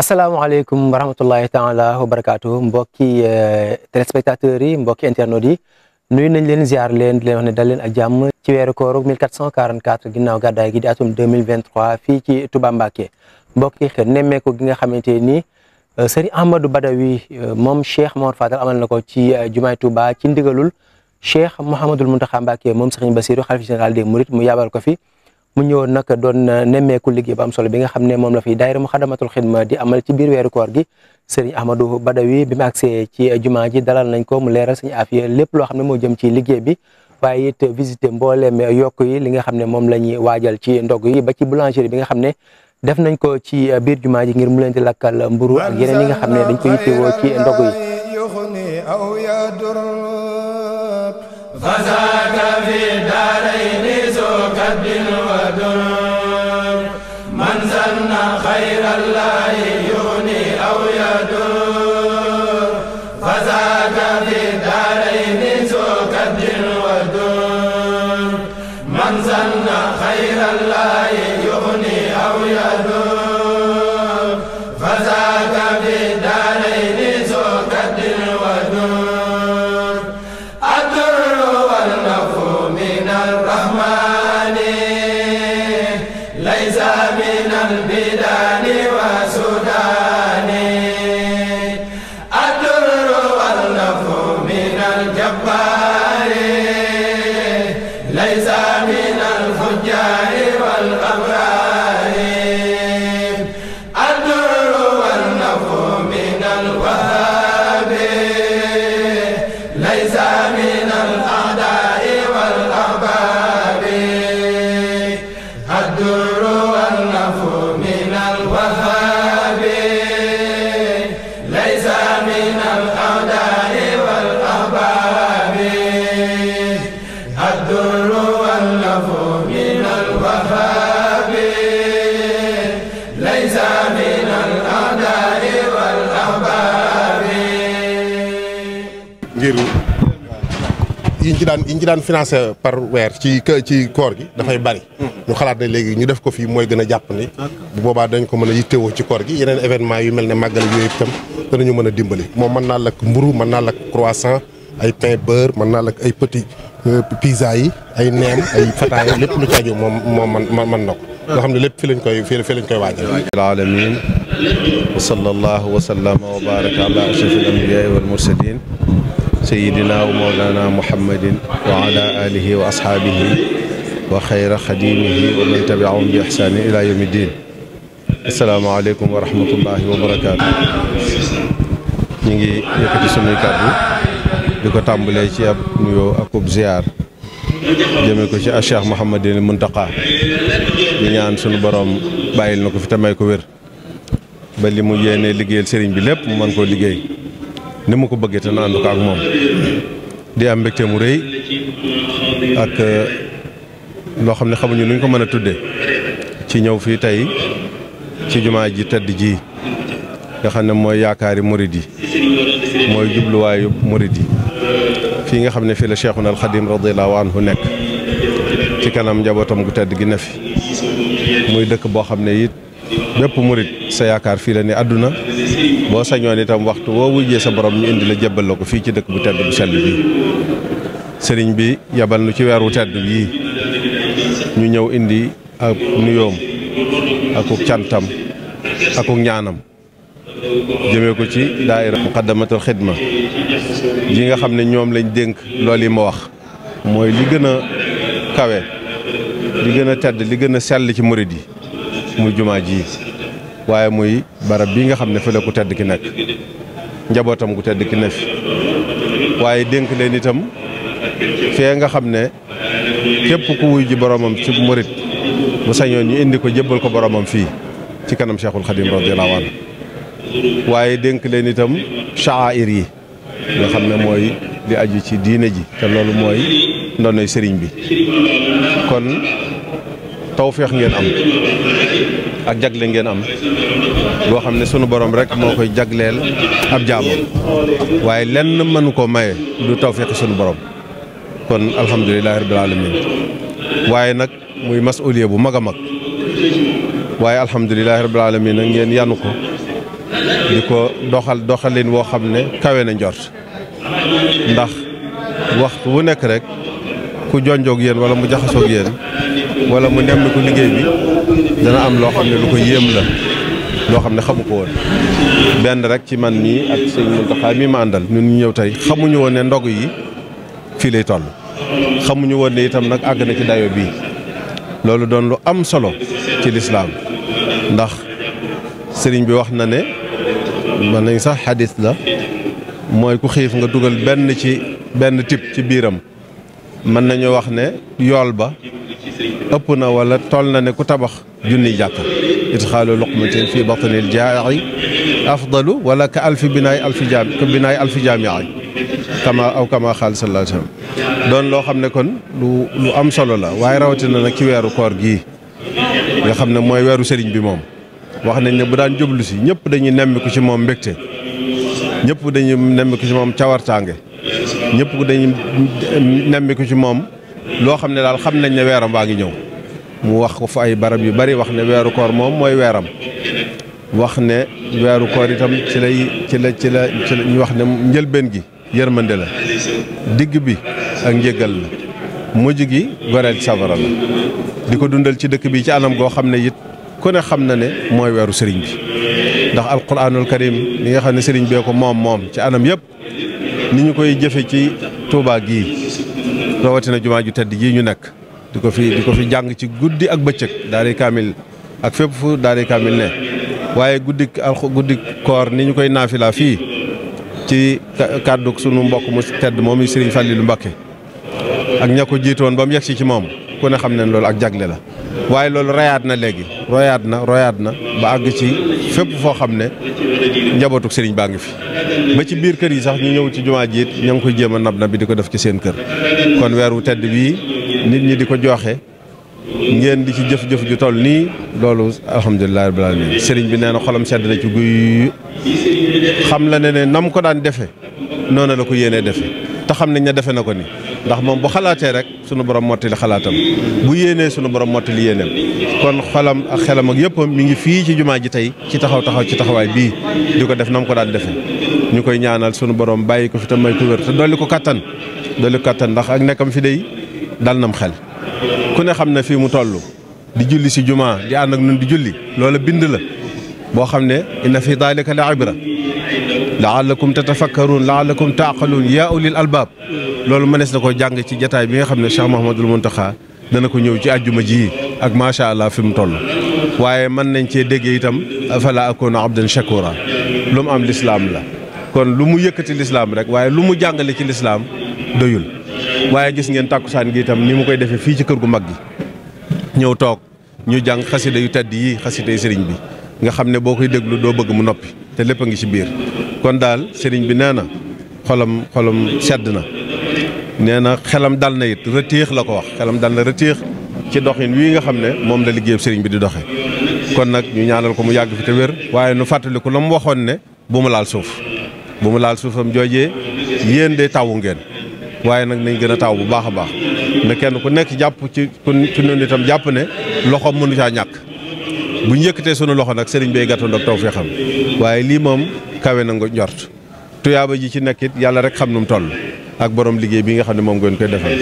asalaamaaleykum wa rahmatullahi taala wa barakaatu mbokki eh, téléspectateurs yi mbokki internautes yi nuyu nañ leen ziar leen di leen wax ne dal leen ak jàmm ci weeru koor 1444 ginnaaw gàddaay gi di atum 2023 fii ci Touba Mbacké mbokki xel nemmeeku gi nga xamante ni eh, Serigne Ahmadou Badawi eh, moom Cheikh Mor Fadal amal na ko ci jumaay Touba ci ndigalul Cheikh Mouhamadul Mountakha Mbacké moom Serigne Bassirou xalifa général des Mourides mu yabal ko fi mu ñëwoon nag doon uh, nemmeeku liggéey bu am solo bi nga xam ne moom la fi daayira mu xadamatul xidma di amal ci biir weeru koor gi sëriñ Ahmadou Badawi bi mu agsee ci uh, jumaa dalal nañ ko mu leeral suñu afiya lépp loo xam ne moo jëm ci liggéey bi waaye it visité mbooleem yokk yi li nga xam ne moom la ñuy waajal ci ndog yi ba ci bi nga xam ne def nañ ko ci uh, biir jumaa ji ngir mu leen di lakkal mburu ak yeneen yi nga xam ne dañ ko yittewoo ci ndog yi أحد من زن خير الله من الأرض ci daan financé par weer ci ci koor gi dafay mm. bari mm. ñu xalaat ne léegi ñu def ko fii mooy gën a jàpp ni bu boobaa dañ ko mën a yittewoo ci koor gi yeneen événement yu mel ne màggal yooyu itam danañu mën a dimbali moom mën naa lakk mburu mën naa lakk croissant ay pain beurre mën naa lakk ay petit euh, pizza yi ay neem ay fataaya lépp lu caaju moom moom man man na ko ah. nga xam ne lépp fi lañ koy fi lañ koy waajal alamin wa sallallahu wa sallama wa baraka ala ashrafil anbiya wal mursalin sayidina wa mawlana muhammadin wa ala wa ashaabihi wa xayra xadimihi wa man bi ixsaani ila yawmi ddin asalaamaaleykum wa rahmatullahi wa barakaatu ñu ngi yëkkati sunuy kàddu di ko tàmbalee ci ab nuyoo ak ziar jëmee ko ci Cheikh Mouhamadul Muntaqa di ñaan sunu borom bàyyil na ko fi te may ko wér ba mu yéene liggéeyal sëriñ bi lépp mu mën koo liggéey ni ma ko bëggee te nu ànd ko ak moom di am mbégte mu rëy ak euh, loo xam ne xamuñu nuñ ko mën a tudde ci ñëw fii tey ci jumaa ji tedd ji nga xam ne mooy yaakaari murid yi mooy jubluwaayu murid yi fii nga xam ne fii la Cheikhuna al Xadim radiyallahu anhu nekk ci kanam njabootam gu tedd gi ne fi muy dëkk boo xam ne it bépp murit sa yaakaar fii la ne àdduna boo sañoon itam waxtu woo wujjee sa borom ñu indi la jébbal ko fii ci dëkk bu tedd bu sell bi sëriñ bi yabal nu ci weer wu tedd bii ñu ñëw indi ak nuyoom akuk cantam akuk ñaanam jëmee ko ci daaira muqaddamatul xidma yi nga xam ne ñoom lañ dénk lool yi ma wax mooy li gën a kawe li gën a tedd li gën a sell ci morit yi mu jumaa ji waaye muy barab bii nga xam ne fa la ku tedd ki nekk njabootam gu tedd ki ne fi waaye dénk leen itam fee nga xam ne képp ku wuy ji boromam ci murid bu sañoon ñu indi ko jébbal ko boromam fii ci kanam Cheikhul Khadim radiyallahu waaye dénk leen itam sha'air yi nga xam ne mooy di aju ci diine ji te loolu mooy ndonoy sëriñ bi tawféex ngeen am ak jagle ngeen am boo xam ne sunu borom rek moo koy jagleel ab jaamam waaye lenn mënu koo maye du tawféexi sunu borom kon alhamdulilahi rabbil alamin waaye nag muy mas masuliya bu mag a mag waaye alhamdulilahi rabbil alamin nag ngeen yanu ko di ko doxal doxalin woo xam ne kawe na njort ndax waxtu wu nekk rek ku jonjoog yéen wala mu jaxasoog yéen wala mu nemmiku liggéey bi dana am loo xam ne lu ko yéem la loo xam ne xamu ko woon benn rek ci man mii ak sëñ Muntaxa mi ma àndal ñun ñu ñëw tey xamuñu woon ne ndog yi fii lay toll xamuñu woon ne itam nag àgg na ci dayo bii loolu doon lu am solo ci lislaam ndax sëriñ bi wax na ne man nañ sax xadis la mooy ku xiif nga dugal benn ci benn tip ci biiram mën nañu wax ne yool ba ëpp na wala tool na ne ku tabax junni jàkka idxaalu luqmatin fi batnil jaa'i afdalu wala ka alfi binaay alfi jaam ka binaay alfi jaami'i kama aw kama xaal sallallahu doon loo xam ne kon lu lu am solo la waaye rawatina nag ci weeru koor gii nga xam ne mooy weeru sëriñ bi moom wax nañ ne bu daan jublu si ñëpp dañuy nemmiku ci moom mbégte ñëpp dañuy nemmiku ci moom cawartaange ñëpp dañuy nemmiku ci moom loo xam ne daal xam nañ ne weeram waa ngi ñëw mu wax ko fa ay barab yu bari wax ne weeru koor moom mooy weeram wax ne weeru koor itam ci lay ci la ci la ci la ñu wax ne njëlbeen gi yërmande la digg bi ak njëgal la mujj gi goreel ci la di ko dundal ci dëkk bi ci anam goo xam ne it ku ne xam na ne mooy weeru sëriñ bi ndax alquranul karim li nga xam ne sëriñ bee ko moom moom ci anam yëpp ni ñu koy jëfe ci Tuubaa gii rawatina jumaa ju tedd jii ñu nekk di ko fi di ko fi jàng ci guddi ak bëccëg daari kaamil ak fépp fu daari kaamil ne waaye guddi guddi koor ni ñu koy naafila fii ci kàddu sunu mbokk mu tedd moom i Serigne Fallilou Mbacké ak ña ko jiitoon ba mu yegsi ci moom ku ne xam ne loolu ak jagle la waaye loolu royaat na léegi royaat na royaat na ba àgg ci fépp foo xam ne njabootuk sëriñ baa ngi fi ba ci biir kër yi sax ñu ñëw ci jumaa jiit ña ngi koy jéem a nab bi di ko def ci seen kër kon weer wu tedd bii nit ñi di ko jooxe ngeen di ci jëf-jëf ju toll nii loolu alhamdulilah rabbil alamin sëriñ bi nee na xolam sedd na ci guy xam la ne ne nam ko daan defe noonu la ko yéenee defe te xam nañ ne defe na ko ni ndax moom bu xalaatee rek sunu borom mottali xalaatam bu yéenee sunu borom mottali yéeneem kon xolam ak xelam ak yëpp mi ngi fii ci jumaa ji tey ci taxaw taxaw ci taxawaay bii di ko def na mu ko daan defee ñu koy ñaanal sunu borom bàyyi ko fi tam may ko wér te dolli ko kattan dolli ko kattan ndax ak nekkam fi day dal na mu xel ku ne xam ne fii mu toll di julli si jumaa di ànd ak ñun di julli loola bind la boo xam ne inna fi daalika la ibra laalakum tatafakkaruun laalakum taaqaluun yaa ulil albaab loolu mënees na ko jàng ci jataay bi nga xam ne Cheikh Mouhamadul Mountakha dana ko ñëw ci àjjuma ji ak macha allah fi mu toll. waaye mën nañ cee dégge itam afala akoonu abdan shakura lu mu am lislaam la kon lu mu yëkkati lislaam rek waaye lu mu jàngale ci lislaam doyul waaye gis ngeen tàkkusaan gi itam ni mu koy defee fii ci kër gu mag gi ñëw toog ñu jàng xasida yu tedd yi xasida bi nga xam ne boo koy déglu doo bëgg mu noppi te lépp ngi ci biir kon daal sëriñ bi nee na xolom xolom sedd na nee na xelam dal na it la ko wax xelam dal na rëtéex ci doxin wii nga xam ne moom la liggéeyam sëriñ bi di doxe kon nag ñu ñaanal ko mu yàgg fi te wér waaye nu fàttaliku la mu waxoon ne bu mu laal suuf bu mu laal suufam joojee yéen de tawu ngeen waaye nag nañ gën a taw bu baax a baax na kenn ku nekk jàpp ci ku ci noonu itam jàpp ne loxoom mënu caa ñàkk bu ñu yëkkatee sunu loxo nag sëriñ bay gàttandoog taw fee xam waaye lii moom kawe na nga njort tuyaaba ji ci nekkit yàlla rek xam nu mu toll ak borom liggéey bi nga xam ne moom ngeen koy defal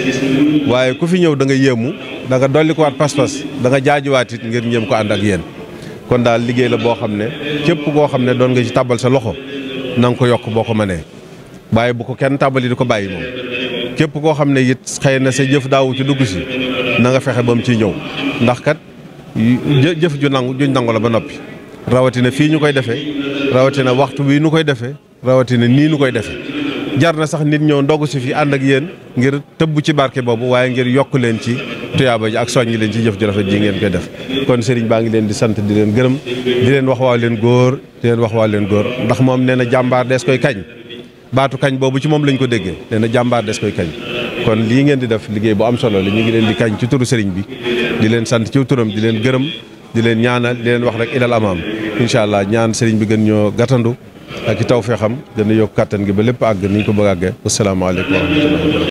waaye ku fi ñëw da yéemu da nga dolli ko waat pas-pas da nga jaajuwaat it ngir ñëm ko ànd ak yéen kon daal liggéey la boo xam ne képp koo xam ne doon nga ci tàbbal sa loxo na ko yokk boo ko mënee bàyyi bu ko kenn tàbbali di ko bàyyi moom képp koo xam ne it xëy na sa jëf daawu ci dugg si na nga fexe ba mu ciy ñëw jëf ju nangu juñ nangu la ba noppi rawatina fii ñu koy defee rawatina waxtu bii nu koy defee rawatina nii nu koy defee jar na sax nit ñëw ndogu si fi ànd ak yéen ngir tëbb ci barke boobu waaye ngir yokk leen ci tuyaaba ji ak soññi leen ci jëf ju rafet ji ngeen koy def kon sëriñ baa ngi leen di sant di leen gërëm di leen wax waaw leen góor di leen wax waaw leen góor ndax moom nee jàmbaar des koy kañ baatu kañ boobu ci moom lañ ko déggee nee jàmbaa jàmbaar des koy kañ kon lii ngeen di def liggéey bu am solo la ñu ngi leen di kañ ci turu sëriñ bi di leen sant ci turam di leen gërëm di leen ñaanal di leen wax rek ilal amaam incha allah ñaan sëriñ bi gën ñoo gàttandu ak i taw fee xam gën a yokk kàttan gi ba lépp àgg ni ñu ko bëgg a àggee asalaamaaleykum wa rahmatulah